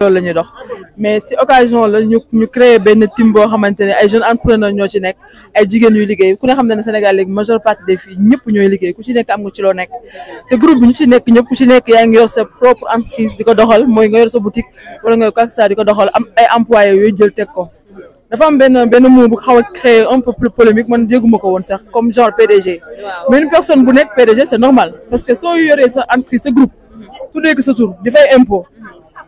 loolu la ñuy dox mais si occasion la ñu créer benn team boo xamante ne ay jeunes entrepreneurs ñoo ci nekk ay jigéen ñuy liggéey ku ne xam ne ne Sénégal léegi majeure partie des filles ñëpp ñooy liggéey ku ci nekk am nga ci loo nekk te groupe bi ñu ci nekk ñëpp ku ci nekk yaa ngi yor mooy nga yor sa boutique wala nga yor ko doxal am ay employés ko dafa am benn benn mot bu xaw a créé un peu ko woon sax comme genre PDG mais une personne parce que soo yoree sa entreprise sa groupe tuddee ko sa tur di fay impôt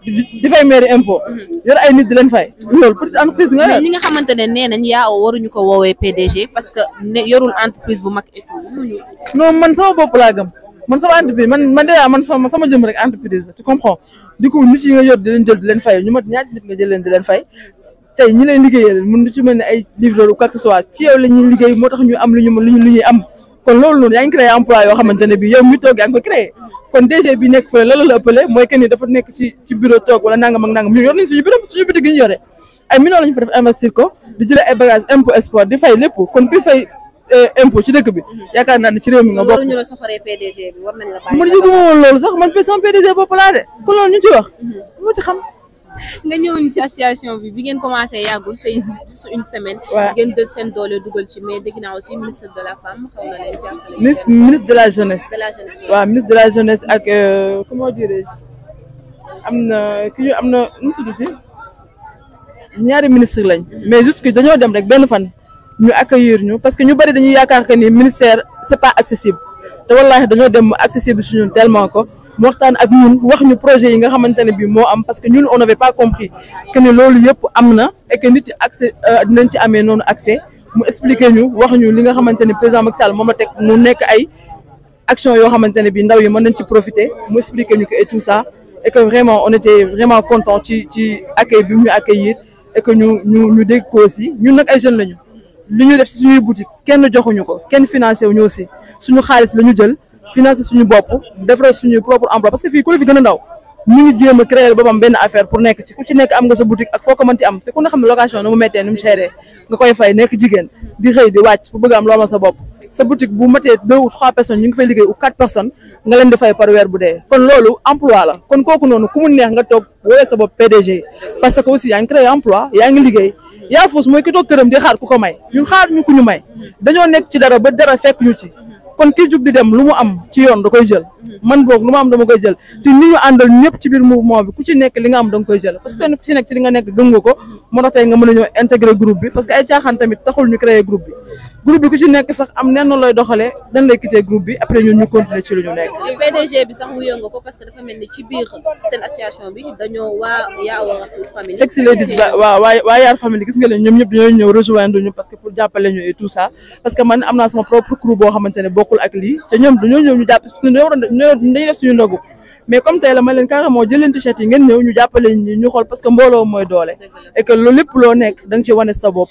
di fay mairie impôt yor ay nit di leen fay loolu petite entreprise nga yor ñi nga xamante ne nee nañ yaa waruñu ko woowee PDG parce que ne yorul entreprise bu mag et tout man sama bopp laa gëm man sama entreprise man man déjà man sama sama jëm rek entreprise tu comprends du coup nit yi nga yor di leen jël di leen fay ñu mat ñaati nit nga jël leen di leen fay tey ñi leen liggéeyee leen mën du ci mel ne ay livre ou soit ci yow la liggéey moo tax ñu am lu ñu lu ñu am kon loolu noonu yaa ngi créé emploi yoo xamante bi yow mi toog yaa ngi ko créé kon DG bi nekk fële loolu la mooy que dafa nekk ci bureau toog wala nangam ak nangam ñu yor nañ suñu bureau suñu bitig gi ñu yore ay millions lañu fa def investir ko di jëlee ay bagage impôt export di fay lépp kon kuy fay eh, impôt ci dëkk bi yaakaar naa ci réew mi nga bokk waruñu la soxoree PDG loolu sax man sama PDG bopp de kon loolu ñu ci wax mu mm-hmm. xam nga ñëwoon ci association bi bi ngeen commencé yàggul c'est une semaine. waaw ngeen deux seen doole dugal ci mais dégg naa aussi ministre de la femme xaw na leen jàppale. ministre ministre de la jeunesse. de la jeunesse waaw ministre de la jeunesse ak euh, comment dirais-je am na ki ñu am na nu mu ñaari ministre lañ. mais juste que dañoo dem rek benn fan ñu accueillir ñu parce que ñu bari dañuy yaakaar que ni ministère c'est pas accessible te wallaahi dañoo dem accessible suñu tellement ko waxtaan ak ñun wax ñu projet yi nga xamantene bi mo am parce que ñun on n'avait pas compris que ne lolu yépp amna et que nit yi accès euh, dinañ ci amé noonu accès mu expliquer ñu wax ñu li nga xamantene président Macky Sall moom la teg mu nekk ay action yo xamantene bi ndaw yi mën nañ ci profiter mu expliquer ñu que et tout ça et que vraiment on était vraiment content ci ci accueil bi mu accueillir et que ñu ñu ñu dégg ko aussi ñun nak ay jeunes lañu li ñu def ci suñu boutique kenn joxuñu ko kenn financé ñu aussi suñu xaalis lañu jël. financer suñu bopp defaree suñu propre emploi parce que fii ku la fi gën a ndaw mu ngi jéem a créer boppam benn affaire pour nekk ci ku ci nekk am nga sa boutique ak foo ko mënti am te ku ne xam ne location xëy di wàcc bu bëgg am loo bopp sa boutique bu matee deux ou ñu ngi fay liggéey ou quatre personnes nga leen di fay par weer bu dee kooku noonu ku mu neex nga sa bopp PDG parce que aussi yaa ngi yaa ngi liggéey yaa fuus mooy ki xaar ku ko may xaar ñu ku ñu may dañoo nekk ci dara ba dara fekk ñu ci kon kii jug di dem lu mu am ci yoon da koy jël man boog lu mu am dama koy jël te ni ñu àndal ñëpp ci biir mouvement bi ku ci nekk li nga am da koy jël parce que ku ci nekk ci li nga nekk gëm nga ko moo tax tey nga mën a ñëw intégré groupe bi parce que ay caaxaan tamit taxul ñu créé groupe bi groupe bi ku ci nekk sax am nenn looy doxalee dañ lay quitter groupe bi après ñun ñu continuer ci lu ñu nekk. PDG bi parce que a pour jàppale ñu tout ça parce que man am sama propre groupe boo xamante ne bokkul ak lii te ñoom dañoo ñëw ñu jàpp dañoo war a dañuy def suñu ndogu. mais comme tey la ma leen carrément jëleen t-shirt ngeen ñëw ñu jàppale ñu xool parce que mbooloo mooy doole et loolu lépp loo nekk danga nga ci wane sa bopp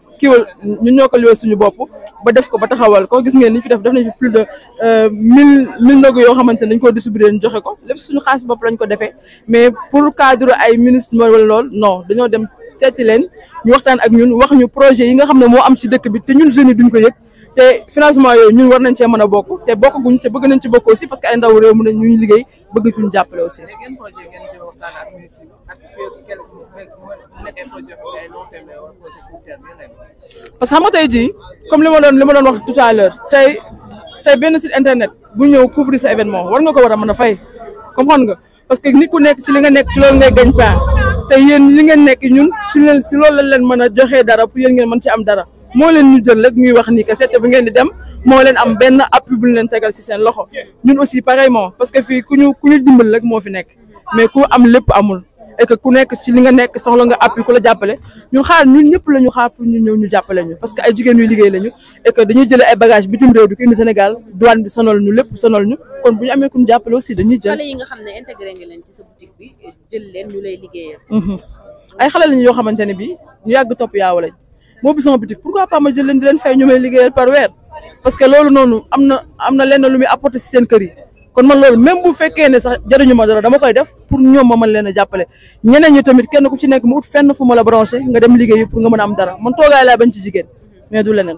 kiiwal ñun ñoo ko liwal suñu bopp ba def ko ba taxawal ko gis ngeen ni fi def def nañ fi plus de euh, mille mille yoo xamante ne dañ ko distribuer ñu joxe ko lépp suñu xaalis bopp lañ ko defe mais pour cadre ay ministre wala lool no dañoo dem seeti leen ñu waxtaan ak ñun wax ñu projet yi nga xam ne moo am ci dëkk bi te ñun jeunes yi duñ ko yëg te financement yooyu ñun war nañ cee mën a bokk te bokk guñ te bëgg nañ ci bokk aussi parce que ay ndaw réew mu ne ñu liggéey bëgg kuñ jàppale aussi parce que xam nga tey jii comme li ma doon li ma wax tout à l'heure tey benn site internet bu ñëw couvrir sa événement war nga ko war a mën a fay comme xam nga parce que ni ku nekk ci li nga nekk ci loolu ngay gañ paa te yéen li ngeen nekk ñun ci leen si loolu lañ leen mën a joxee dara pour yen ngeen mën ci am dara moo leen ñu jël rek ñuy wax ni que seet bi ngeen di dem moo leen am benn appui bu ñu leen tegal si seen loxo ñun aussi pareillement parce que fii ku ñu ku ñu dimbal rek moo fi nekk mais ku am lépp amul. et que ku nekk ci li nga nekk soxla nga appui ku la jàppale ñun xaar ñun ñëpp la ñu xaar pour ñu ñëw ñu jàppale ñu parce que ay jigéen ñuy liggéey la ñu et que dañuy jël ay bagage bitim réew di ko indi Sénégal douane bi xale ne intégré nga leen ci sa boutique bi jël mhm. lañu yoo xamante ne bii ñu yàgg topp yaaw lañ moo bi sama boutique pourquoi pas ma jël leen di leen fay ñu may liggéeyal par weer parce que loolu noonu am na am na lenn lu muy apporter ci seen kër yi kon man loolu même bu fekke ne sax jëriñu ma dara dama koy def pour ñom ma man leena jappalé jàppale ñeneen ñi tamit kenn ku ci nekk mu ut fenn fu ma la branché nga dem liggéey pour nga mëna am dara man togaay la bañ ci jigen mais du leneen.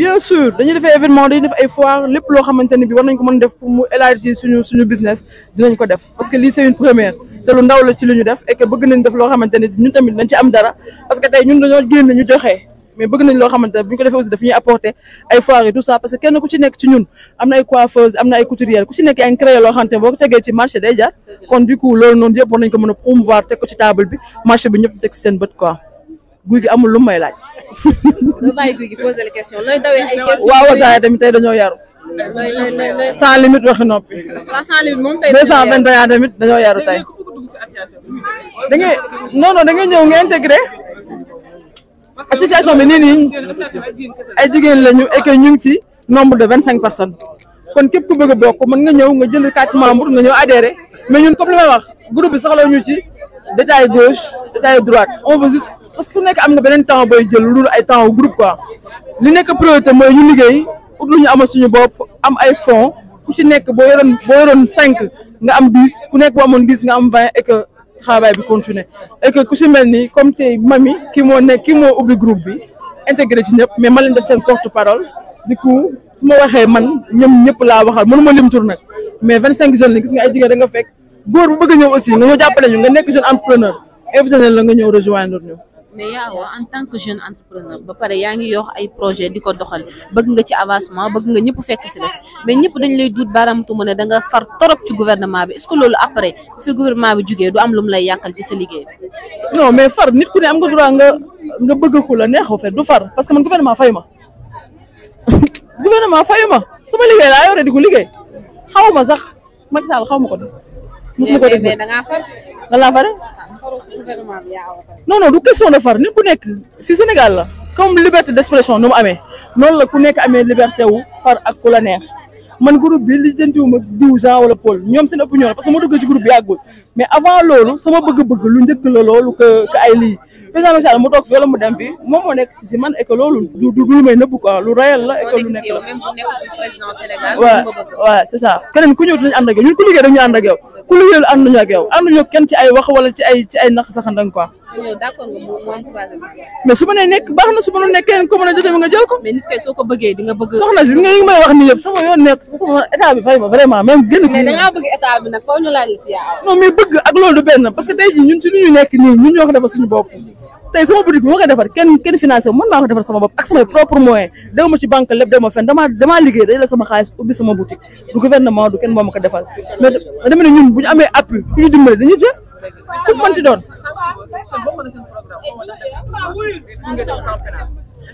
bien sûr dañuy def événement dañuy def ay foire lepp lo xamanteni bi war nañ ko mëna def pour mu élargir suñu suñu business dinañ ko def parce que li c'est une première. te lu ndaw la ci li ñu def et bëgg nañ def loo xamante ne tamit dañ ci am dara parce que tey ñun dañoo génn ñu joxe mais bëgg nañ loo xamante bu ñu ko defee aussi daf ñuy apporter ay foires et tout ça parce na ay coiffeuses am na ay couturières ku ci nekk yaa ngi créé loo xamante ne boo ko tegee ci marché day jar kon du coup tey dañoo yaru sans limite waxi noppi. waaw sans tamit dañoo yaru tey da ngay non non da ngay ñëw nga intégré association bi nii nii ay jigéen lañu et que ñu ngi ci nombre de vingt cinq personnes kon képp ku bëgg a bokk mën nga ñëw nga jënd carte membre nga ñëw adhéré mais ñun comme li may wax groupe bi soxla ñu ci détail gauche détail droite on veut juste parce que ku am nga beneen temps booy jël lu ay temps groupe quoi li nekk priorité mooy ñu liggéey ut lu ñu amal suñu bopp am ay fonds ku ci nekk boo yoroon boo yoroon cinq nga am dix ku nekk boo amoon dix nga am vingt et que travail bi continuer et que ku si mel ni comme tey mami ki moo nekk ki moo ubbi groupe bi intégré ci ñëpp mais ma leen def seen porte parole du coup su ma waxee man ñoom ñëpp laa waxal mënu ma lim tur nag mais vingt cinq jeunes la gis nga ay jigéen da nga fekk góor bu bëgg a ñëw aussi nga ñëw jàppale ñu nga nekk jeune entrepreneur la nga ñëw rejoindre ñu mais yaawa en tant que jeune entrepreneur ba pare yaa ngi yoox ay projet di ko doxal bëgg nga ci avancement bëgg nga ñëpp fekk si la mais ñëpp dañ lay duut baaraamtu mu ne da nga far torop ci gouvernement bi est ce que loolu après fi gouvernement bi jugee du am lu mu lay yàqal ci sa liggéey non mais far nit ku ne am nga droit nga nga bëgg ku la neexoo fe du far parce que man gouvernement fayu ma gouvernement fayu ma sama liggéey laa yore di ko liggéey xaw ma sax Macky Sall xaw ma ko def mos ma ko def lan laa fare non du question de far nit ku nekk si senegal la comme liberté d'expression nu mu amee noonu la ku nekk amee liberté wu far ak ku la neex man groupe bi lijjantiwu ma diw Jean wala Paul ñoom seen opinion la parce que ma dugg ci groupe bi yàggul mais avant loolu sama bëgg-bëgg lu njëkk la loolu que que ay lii président mu toog fi wala mu dem fi moom nekk si si man et que loolu du du lu may lu réel la lu nekk la waaw waaw c'est ça keneen ku ñëw dinañ ànd ak yow ñun ku liggéey dañu ku la yël ànduñu ak yow ànduñu ak kenn ci ay wax wala ci ay ci ay nax saxandang mais su ma nekk baax na su ma nekk kenn a jotee nga soxna si nga may wax ni yëpp sama yoon nekk sama état bi fay ma vraiment même. gën ci mais da ngaa bëgg état bi nag foofu ñu laaj la ci yaa non mais bëgg ak loolu parce que tey jii ñun ci lu ñun ñoo ko defal suñu bopp tey sama boutique bi ma defar kenn kenn financé mën naa ko defar sama bopp ak samay propre moyen dew ma ci banque lépp dew ma fenn damaa damaa liggéey day sama xaalis ubbi sama boutique du gouvernement du kenn moo ko defal mais dama ne ñun bu amee appui ku ñu dimbale dañuy jël ku mënti doon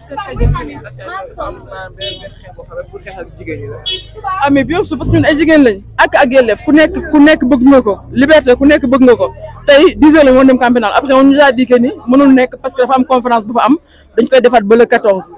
est-ce que tey jii am ne pour xeex ak jigéen ay jigéen lañ ak ak yelleef ku nekk ku nekk bëgg nga ko liberté ku nekk bëgg nga ko tey 10 heures la ñu woon dem campagne après on nous a dit que ni mënul nekk parce que dafa am conférence bu fa am dañ koy defaat ba le 14.